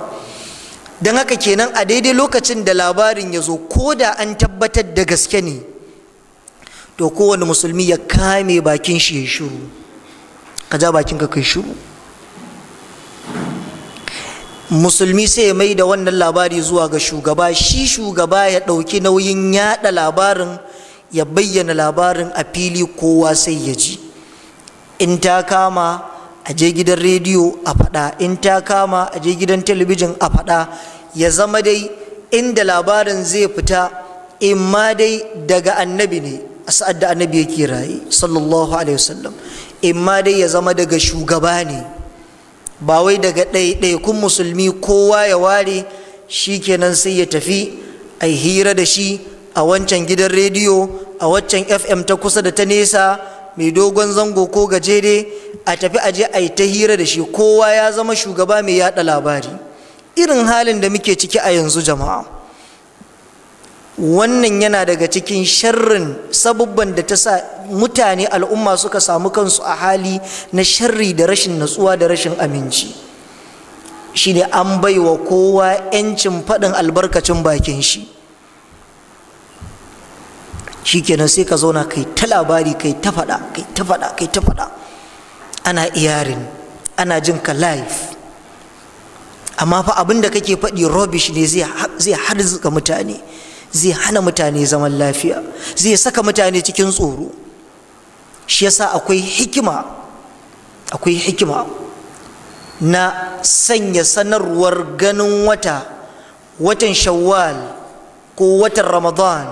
don haka kenan a daidai lokacin da labarin ya zo ko da an tabbatar da gaske ne to kowane musulmi ya kame bakin shi ya shiru ka ja bakin ka kai shiru musulmi sai ya mai da wannan labari zuwa ga shugaba shi shugaba ya ɗauki nauyin yada labarin ya bayyana labarin a fili kowa sai ya ji in ta kama a je gidan rediyo a faɗa in ta kama a je gidan talabijin a faɗa ya zama dai inda labarin zai fita in ma dai daga annabi ne a sa'ad da annabi yake raye sallallahu alaihi wasallam in ma dai ya zama daga shugaba ne ba wai daga ɗaiɗaikun musulmi kowa ya ware shi kenan sai ya tafi a hira da shi a wancan gidan rediyo a wancan fm ta kusa da ta nesa mai dogon zango ko gajere a tafi a je a yi ta hira da shi kowa ya zama shugaba mai yada labari irin halin da muke ciki a yanzu jama'a wannan yana daga cikin sharrin sabubban da ta sa mutane al'umma suka samu kansu a hali na sharri da rashin natsuwa da rashin aminci shine an baiwa kowa 'yancin faɗin albarkacin bakin shi shikenan sai ka zauna kai ta labari kai ta faɗa kai ta faɗa kai ta faɗa ana iyarin ana jin ka live amma fa abin da kake faɗi rubbish ne zai harzuka mutane zai hana mutane zaman lafiya zai saka mutane cikin tsoro shi yasa akwai hikima akwai hikima na sanya sanarwar ganin wata watan shawwal ko watan ramadan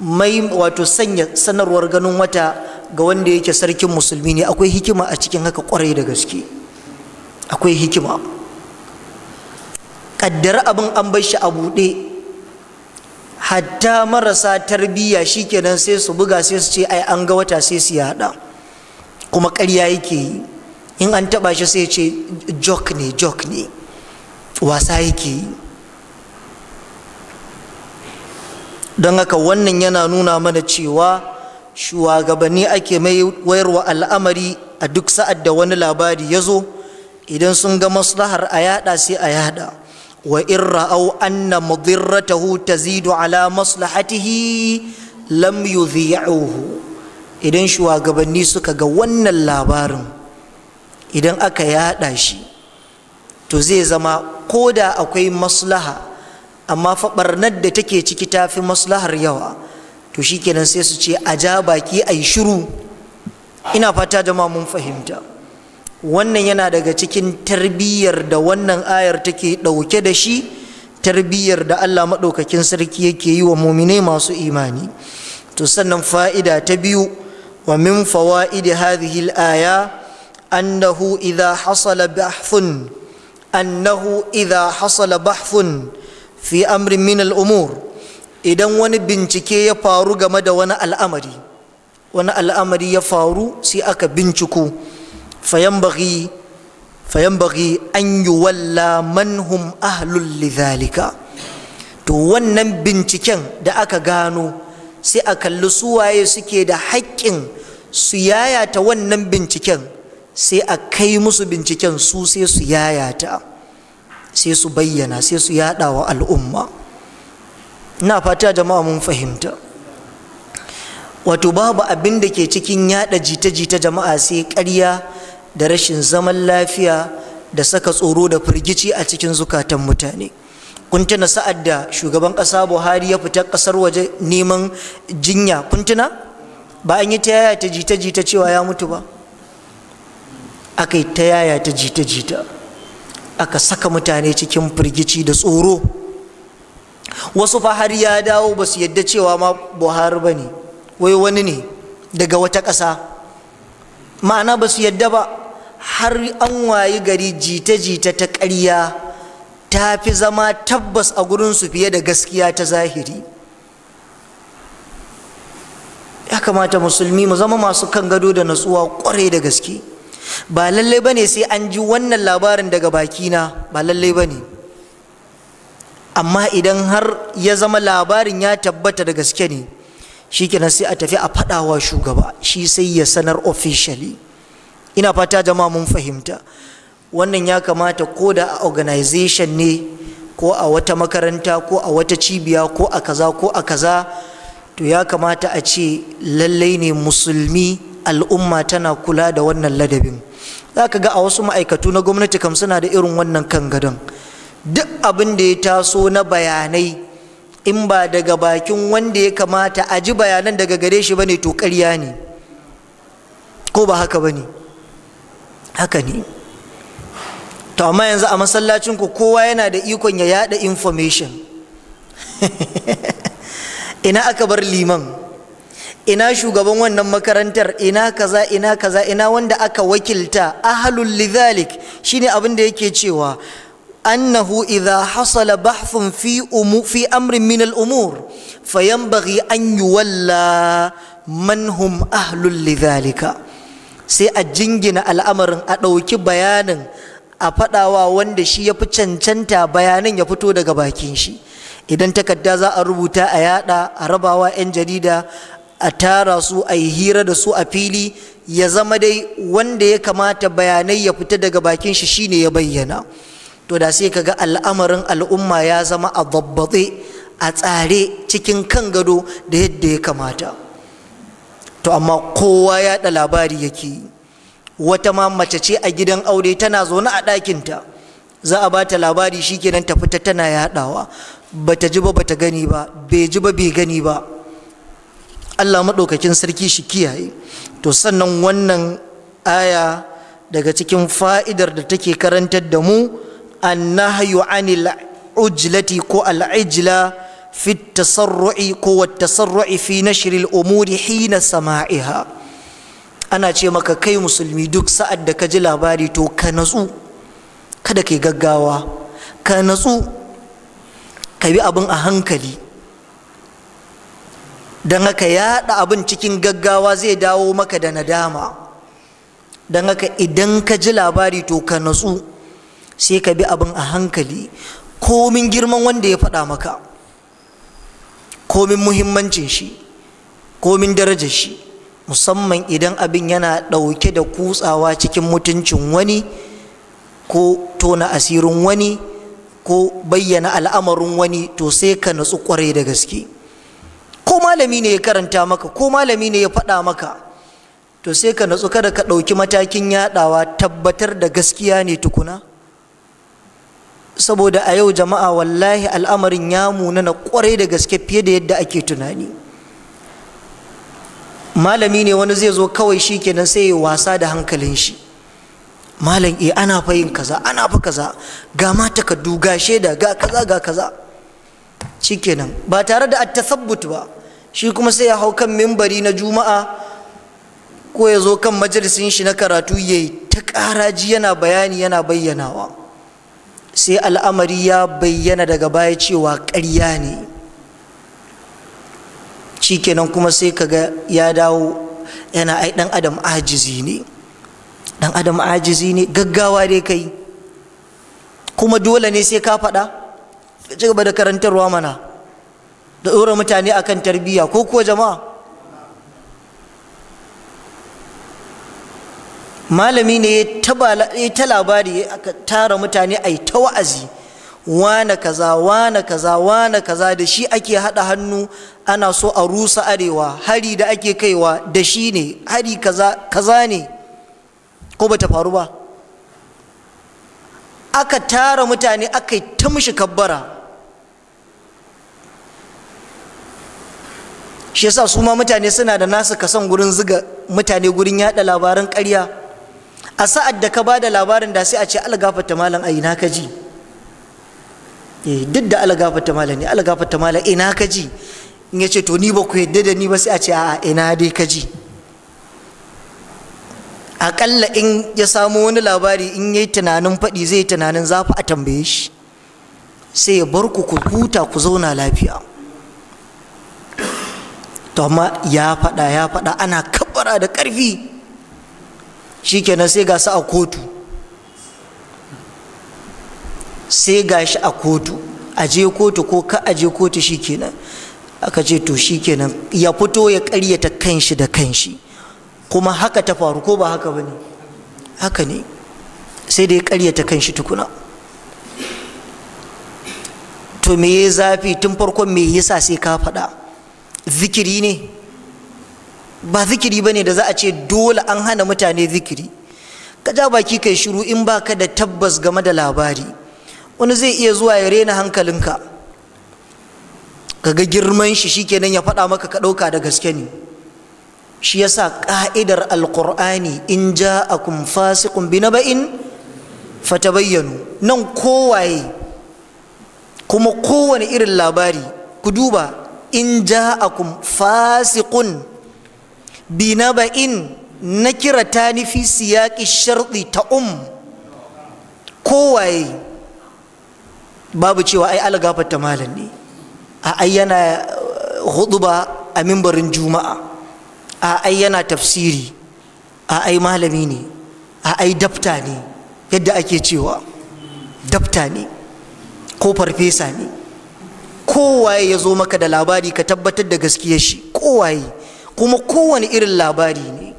mai wato sanya sanarwar ganin wata ga wanda yake sarkin musulmi ne akwai hikima a cikin haka kwarai da gaske akwai hikima kaddara abin an bar shi a buɗe hatta marasa tarbiyya shikenan sai su buga sai su ce ai an ga wata sai su yada kuma ƙarya yake yi in an taba shi sai ce jok ne jok ne wasa yake yi don haka wannan yana nuna mana cewa shugabanni ake mai wayarwa al'amari a duk sa'ad da wani labari ya zo idan sun ga maslahar a yada sai a yada wa in ra'au anna mudirratahu tazidu ala maslahatihi lam yudhi'uhu idan shugabanni suka ga wannan labarin idan aka yada shi to zai zama ko da akwai maslaha amma fa barnar da take ciki ta fi maslahar yawa to kenan sai su ce a ja baki a yi shiru ina fata ma mun fahimta wannan yana daga cikin tarbiyyar da wannan ayar take ɗauke da shi tarbiyyar da Allah maɗaukakin sarki yake yi wa muminai masu imani to sannan fa'ida ta biyu wa min fawa'idi hadhihi al-aya annahu idha hasala bahthun annahu idha hasala bahthun fi amrin min al'umur idan wani bincike ya faru game da wani al'amari wani al'amari ya faru sai aka binciko fayan bagi an yi walla manhum ahlul lidhalika to wannan binciken da aka gano sai a kalli suwaye suke da haƙƙin su yayata wannan binciken sai a kai musu binciken su sai su yayata sai su bayyana sai su yada wa al'umma ina fata jama'a mun fahimta wato babu abin da ke cikin yada jita-jita jama'a sai ƙarya da rashin zaman lafiya da saka tsoro da firgici a cikin zukatan mutane kun tuna sa'ad da shugaban ƙasa buhari ya fita ƙasar waje neman jinya kun tuna ba an yi ta yaya ta jita-jita cewa ya mutu ba aka yi ta yaya ta jita-jita aka saka mutane cikin firgici da tsoro wasu fa har ya dawo ba su yadda cewa ma buhari bane. wai wani ne daga wata ƙasa ma'ana ba su yadda ba har an wayi gari jita-jita ta ƙarya ta fi zama tabbas a su fiye da gaskiya ta zahiri ya kamata musulmi mu zama masu kan gado da natsuwa ƙwarai da gaske ba lalle bane sai an ji wannan labarin daga bakina ba lalle bane amma idan har ya zama labarin ya tabbata da gaske ne shikenan sai a tafi a faɗawa shugaba shi sai ya sanar officially ina fata jama mun fahimta wannan ya kamata ko da a organization ne ko a wata makaranta ko a wata cibiya ko a kaza ko a kaza to ya kamata a ce lallai ne musulmi al'umma tana kula da wannan ladabin za ka ga a wasu ma'aikatu na gwamnati kam suna da irin wannan kan gadon duk abin da ya taso na bayanai in ba daga bakin wanda ya kamata a ji bayanan daga gare shi bane to ƙarya ne ko ba haka bane haka ne to amma yanzu a masallacin ku kowa yana da ikon ya yada information ina aka bar liman ina shugaban wannan makarantar ina kaza ina kaza ina wanda aka wakilta ahlul lidhalik shine abin da yake cewa annahu idha hasala bahthun fi umu fi amrin min al umur fayanbaghi an yuwalla man hum ahlul lidhalika sai a jingina al'amarin a ɗauki bayanin a faɗawa wanda shi ya fi cancanta bayanin ya fito daga bakin shi idan takarda za a rubuta a yada a rabawa 'yan jarida a tara su a yi hira da su a fili ya zama dai wanda ya kamata bayanai ya fita daga bakin shi shine ya bayyana to da sai kaga al'amarin al'umma ya zama a babbaɗe a tsare cikin kan gado da yadda ya kamata to amma kowa ya da labari yake wata ma mace ce a gidan aure tana zaune a ɗakinta za a ba ta labari shikenan ta fita tana yaɗawa bata ji ba bata gani ba bai ji ba bai gani ba Allah maɗaukakin sarki shi kiyaye to sannan wannan aya daga cikin fa'idar da take karantar da mu annahyu anil ujlati ko al'ijla fi tasarru'i ko tasarru'i fi umuri hina sama'iha ana ce maka kai musulmi duk sa'ad da ka ji labari to ka natsu kada kai gaggawa ka natsu ka bi abin a hankali Dan haka yaɗa abin cikin gaggawa zai dawo maka da nadama dan haka idan ka ji labari to ka natsu sai ka bi abin a hankali komin girman wanda ya faɗa maka komin muhimmancin shi komin darajar shi musamman idan abin yana ɗauke da kutsawa cikin mutuncin wani ko tona asirin wani ko bayyana al'amarin wani to sai ka natsu kwarai da gaske. ko malami ne ya karanta maka ko malami ne ya faɗa maka to sai ka natsu kada ka ɗauki matakin yaɗawa tabbatar da gaskiya ne tukuna saboda a yau jama'a wallahi al'amarin ya munana kwarai da gaske fiye da yadda ake tunani malami ne wani zai zo kawai shi kenan sai ya wasa da hankalin shi malam e ana fa yin kaza ana fa kaza ga ma takardu ga sheda ga kaza ga kaza shikenan ba tare da at-tasabbut ba shi kuma sai ya hau kan mimbari na juma'a ko ya zo kan majalisin shi na karatu yayi ta ƙaraji yana bayani yana bayyanawa sai al'amari ya bayyana daga baya cewa ƙarya ne shikenan kuma sai kaga ya dawo yana ai dan adam ajizi ne dan adam ajizi ne gaggawa dai kai kuma dole ne sai ka faɗa ka ci gaba da karantarwa mana da ɗora mutane akan tarbiyya ko kuwa jama'a malami ne ya ta labari aka tara mutane a ta wa'azi wane kaza wane kaza wane kaza da shi ake haɗa hannu ana so a rusa arewa hari da ake kaiwa da shi ne hari kaza kaza ne ko bata faru ba aka tara mutane aka yi ta mushi kabbara shi yasa su ma mutane suna da nasu kasan gurin ziga mutane gurin yada labaran ƙarya a sa'ad da ka bada labarin da sai a ce algafata malam a ina ka ji eh, duk da algafata malam ne algafata malam ina ka ji in ya ce to ni ba ku yadda da ni ba sai a ce a ina dai ka ji aƙalla in ya samo wani labari in ya yi tunanin faɗi zai tunanin zafi a tambaye shi sai ya bar ku ku huta ku zauna lafiya to amma ya faɗa ya faɗa ana kabbara da ƙarfi shikenan sai ga su a kotu sai ga shi a kotu a je kotu ko ka a je kotu shikenan aka ce to shikenan ya fito ya ta kanshi da kanshi kuma haka ta faru ko ba haka ba ne haka ne sai da ya ta kanshi tukuna to me ya zafi tun farkon me yasa sai ka faɗa zikiri ne ba zikiri ba ne da za a ce dole an hana mutane zikiri ka ja baki kai shiru in baka da tabbas game da labari wani zai iya zuwa ya rena hankalinka kaga girman shi shikenan ya faɗa maka ka ɗauka da gaske ne shi yasa ƙa'idar alƙur'ani in ja'akum fasiqun binaba'in fatabayyanu nan kowaye kuma kowane irin labari ku duba in ja'akum fasiqun bi naba'in nakira tani fi siyaqi sharti ta um kowaye babu cewa ai algafar ta malam ne a ai yana uh, huduba a mimbarin juma'a a ai yana tafsiri a ai malami ne a ai dafta ne yadda ake cewa dafta ne ko farfesa ne kowaye ya zo maka da labari ka tabbatar da gaskiya shi kowaye kuma kowane irin labari ne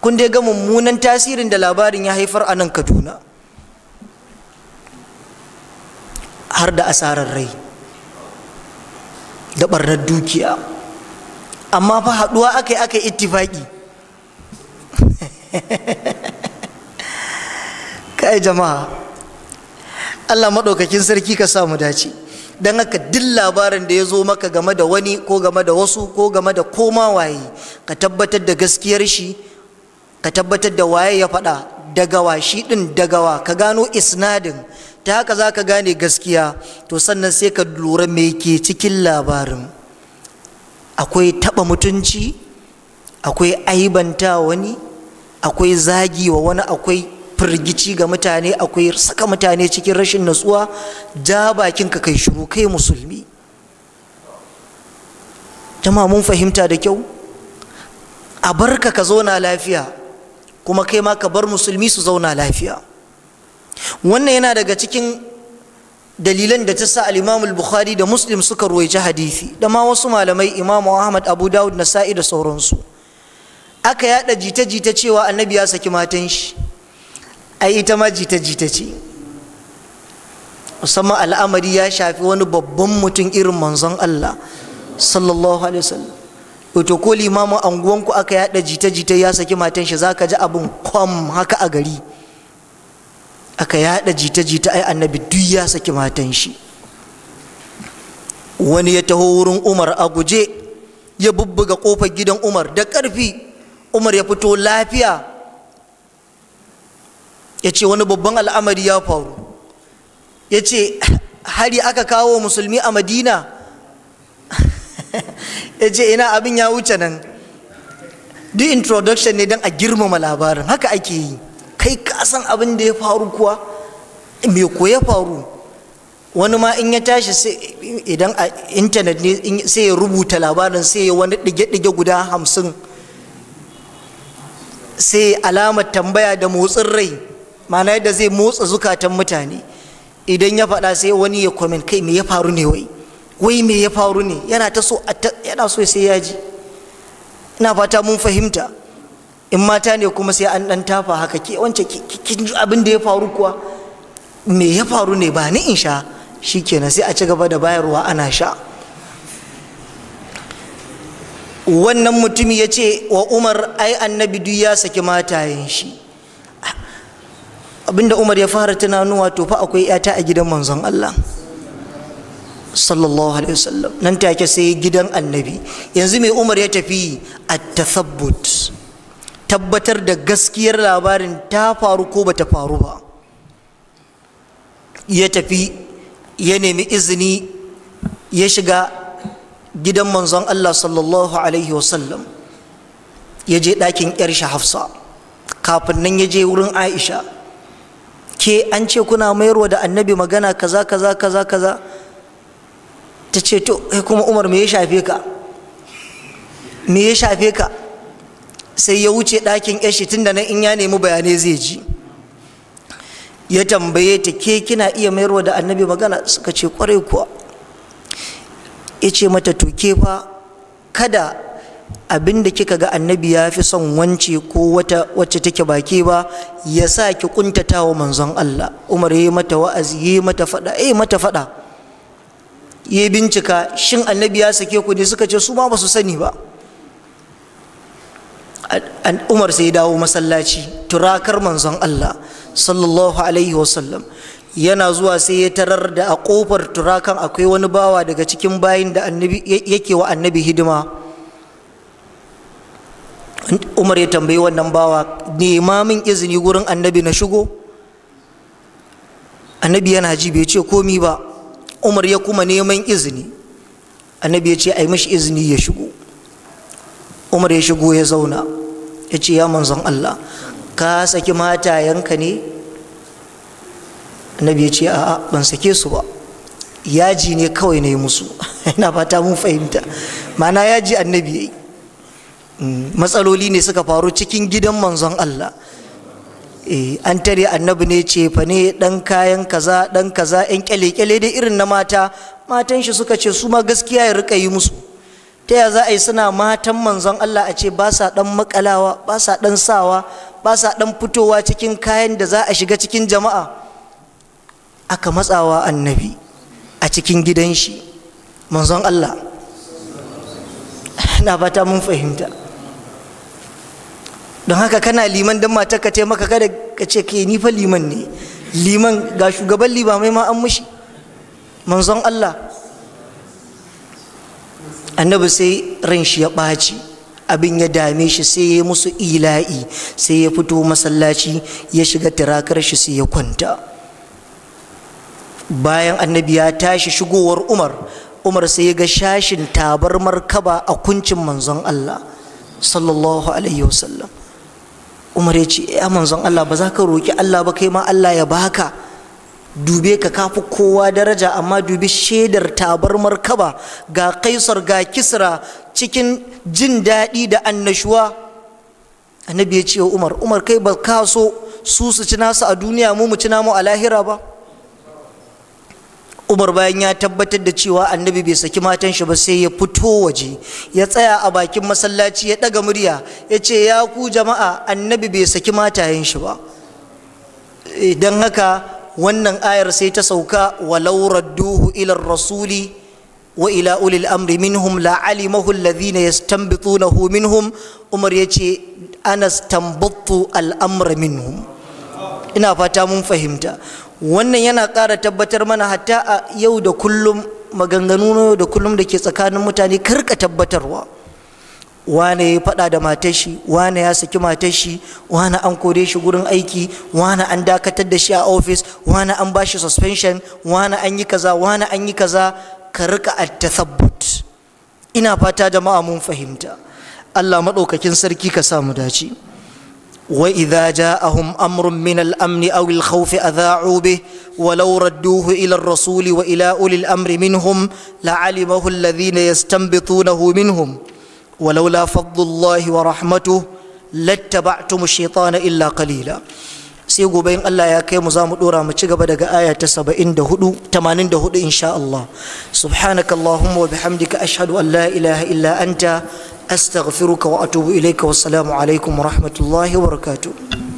kun dai ga mummunan tasirin da labarin ya haifar a nan kaduna har da asarar rai da barnar dukiya amma fa haɗuwa aka yi aka yi kai jama'a allah maɗaukakin sarki ka sa mu dace Dan haka duk labarin da ya zo maka game da wani ko game da wasu ko game da koma waye ka tabbatar da gaskiyar shi ka tabbatar da waye ya faɗa dagawa shi ɗin dagawa ka gano isnadin ta haka za ka gane gaskiya to sannan sai ka lura me ke cikin labarin akwai taɓa mutunci akwai aibanta wani akwai zagi wa wani akwai firgici ga mutane akwai saka mutane cikin rashin natsuwa ja bakin ka kai shiru kai musulmi jama'a mun fahimta da kyau a barka ka zauna lafiya kuma kai ma ka bar musulmi su zauna lafiya wannan yana daga cikin dalilan da ta sa al-Imam al-Bukhari da Muslim suka ruwaici hadisi da ma wasu malamai Imam Ahmad Abu Dawud Nasa'i da sauransu aka yada jita-jita cewa annabi ya saki matan shi ai ita ma jita-jita ce musamman al'amari ya shafi wani babban mutum irin manzon Allah sallallahu alaihi wasallam wato ko limamin anguwanku aka yada jita-jita ya saki matan shi zaka ji abin kwam haka a gari aka yada jita-jita ai annabi duk ya saki matan shi wani ya taho wurin umar a guje ya bubbuga kofar gidan umar da karfi umar ya fito lafiya ya ce wani babban al'amari ya faru ya ce hari aka kawo musulmi a madina ya ce ina abin ya wuce nan duk introduction ne don a girmama labarin haka ake yi kai kasan abin da ya faru kuwa me ko ya faru wani ma in ya tashi idan a intanet ne sai ya rubuta labarin sai ya wani ɗige-ɗige guda hamsin sai alamar tambaya da motsin rai ma'ana yadda zai motsa zukatan mutane idan ya faɗa sai wani ya comment kai me ya faru ne wai wai me ya faru ne yana ta so yana so sai ya ji ina fata mun fahimta in mata ne kuma sai an dan tafa haka ke wance abin da ya faru kuwa me ya faru ne ba ni in sha Shi shikenan sai a ci gaba da bayarwa ana sha wannan mutumi ya ce wa umar ai annabi duk ya saki matayen shi abinda umar ya fara tunanuwa to fa akwai yata a gidan manzon Allah sallallahu alaihi wasallam nan take sai gidan annabi yanzu mai umar ya tafi at-tathabbut tabbatar da gaskiyar labarin ta faru ko bata faru ba ya tafi ya nemi izini ya shiga gidan manzon Allah sallallahu alaihi wasallam ya je ɗakin 'yar shi hafsa kafin nan ya je wurin aisha ke an ce kuna mayarwa da annabi magana kaza kaza kaza kaza ta ce to kai kuma umar me ya shafe ka me ya shafe ka sai ya wuce ɗakin yashi tunda nan in ya nemi bayanai zai ji ya tambaye ta ke kina iya mayarwa da annabi magana suka ce kwarai kuwa ya ce mata to ke fa kada abin da kika ga annabi ya fi son wance ko wata wacce take baki ba ya sa ki kuntata wa manzon Allah Umar yi mata wa'azi yi mata fada eh mata fada yi bincika shin annabi ya sake ku ne suka ce su ma basu sani ba Umar sai dawo masallaci turakar manzon Allah sallallahu alaihi wasallam yana zuwa sai ya tarar da a kofar turakan akwai wani bawa daga cikin bayin da annabi yake wa annabi hidima umar ya tambayi wannan bawa nema min izini gurin annabi na shigo annabi yana ji bai ce komi ba umar ya kuma neman izini annabi ya ce ai mashi izini ya shigo umar ya shigo ya zauna ya ce ya manzon Allah ka saki matayenka ne annabi ya ce a'a ban sake su ba yaji ne kawai na yi musu ina fata mun fahimta ma'ana yaji annabi ya yi matsaloli ne suka faru cikin gidan manzon Allah eh, an tare annabi ne ce fa ne dan kayan kaza dan kaza yan kyale-kyale da irin na mata matan shi suka ce su ma gaskiya ya rika yi musu ta ya za a yi suna matan manzon Allah a ce ba sa dan makalawa ba sa dan sawa ba sa dan fitowa cikin kayan da za a shiga cikin jama'a aka matsawa annabi a cikin gidan shi manzon Allah na fata mun fahimta don haka kana liman don matar ka ce maka kada ka ce ke ni fa liman ne liman ga shugaban mai ma an mushi manzon Allah annabi sai ran shi ya ɓaci abin ya dame shi sai ya musu ila'i sai ya fito masallaci ya shiga tirakar shi sai ya kwanta bayan annabi ya tashi shigowar umar umar sai ya ga shashin tabar markaba a kuncin manzon Allah sallallahu alaihi wasallam umar ya ce ya manzon Allah ba za ka roƙi Allah ba kai ma Allah ya baka dube ka kafi kowa daraja amma dubi shaidar tabarmar kaba ga kaisar ga kisra cikin jin daɗi da annashuwa annabi ya ce umar umar kai ba ka so su su ci nasu a duniya mu mu ci namu a lahira ba umar bayan ya tabbatar da cewa annabi bai saki matan shi ba sai ya fito waje ya tsaya a bakin masallaci ya daga murya ya ce ya ku jama'a annabi bai saki matayen shi ba don haka wannan ayar sai ta sauka walau radduhu ila rasuli wa ila ulil amri minhum la alimahu alladhina yastanbitunahu minhum umar yace ana stambutu al'amra minhum ina fata mun fahimta wannan yana ƙara tabbatar mana hatta a yau da kullum maganganu na yau da kullum da ke tsakanin mutane karka tabbatarwa wane ya faɗa da matar shi wane ya saki matar shi wane an kore shi gurin aiki wane an dakatar da shi a ofis wane an bashi suspension wane an yi kaza wane an yi kaza ka rika at-tathabbut ina fata jama'a mun fahimta Allah maɗaukakin sarki ka samu mu dace واذا جاءهم امر من الامن او الخوف اذاعوا به ولو ردوه الى الرسول والى اولي الامر منهم لعلمه الذين يستنبطونه منهم ولولا فضل الله ورحمته لاتبعتم الشيطان الا قليلا sai gobe in Allah ya kai mu za mu dora mu ci gaba daga aya ta 74 84 insha Allah subhanakallahumma wa bihamdika ashhadu an la ilaha illa anta astaghfiruka wa atubu ilayka wassalamu alaikum wa rahmatullahi wa barakatuh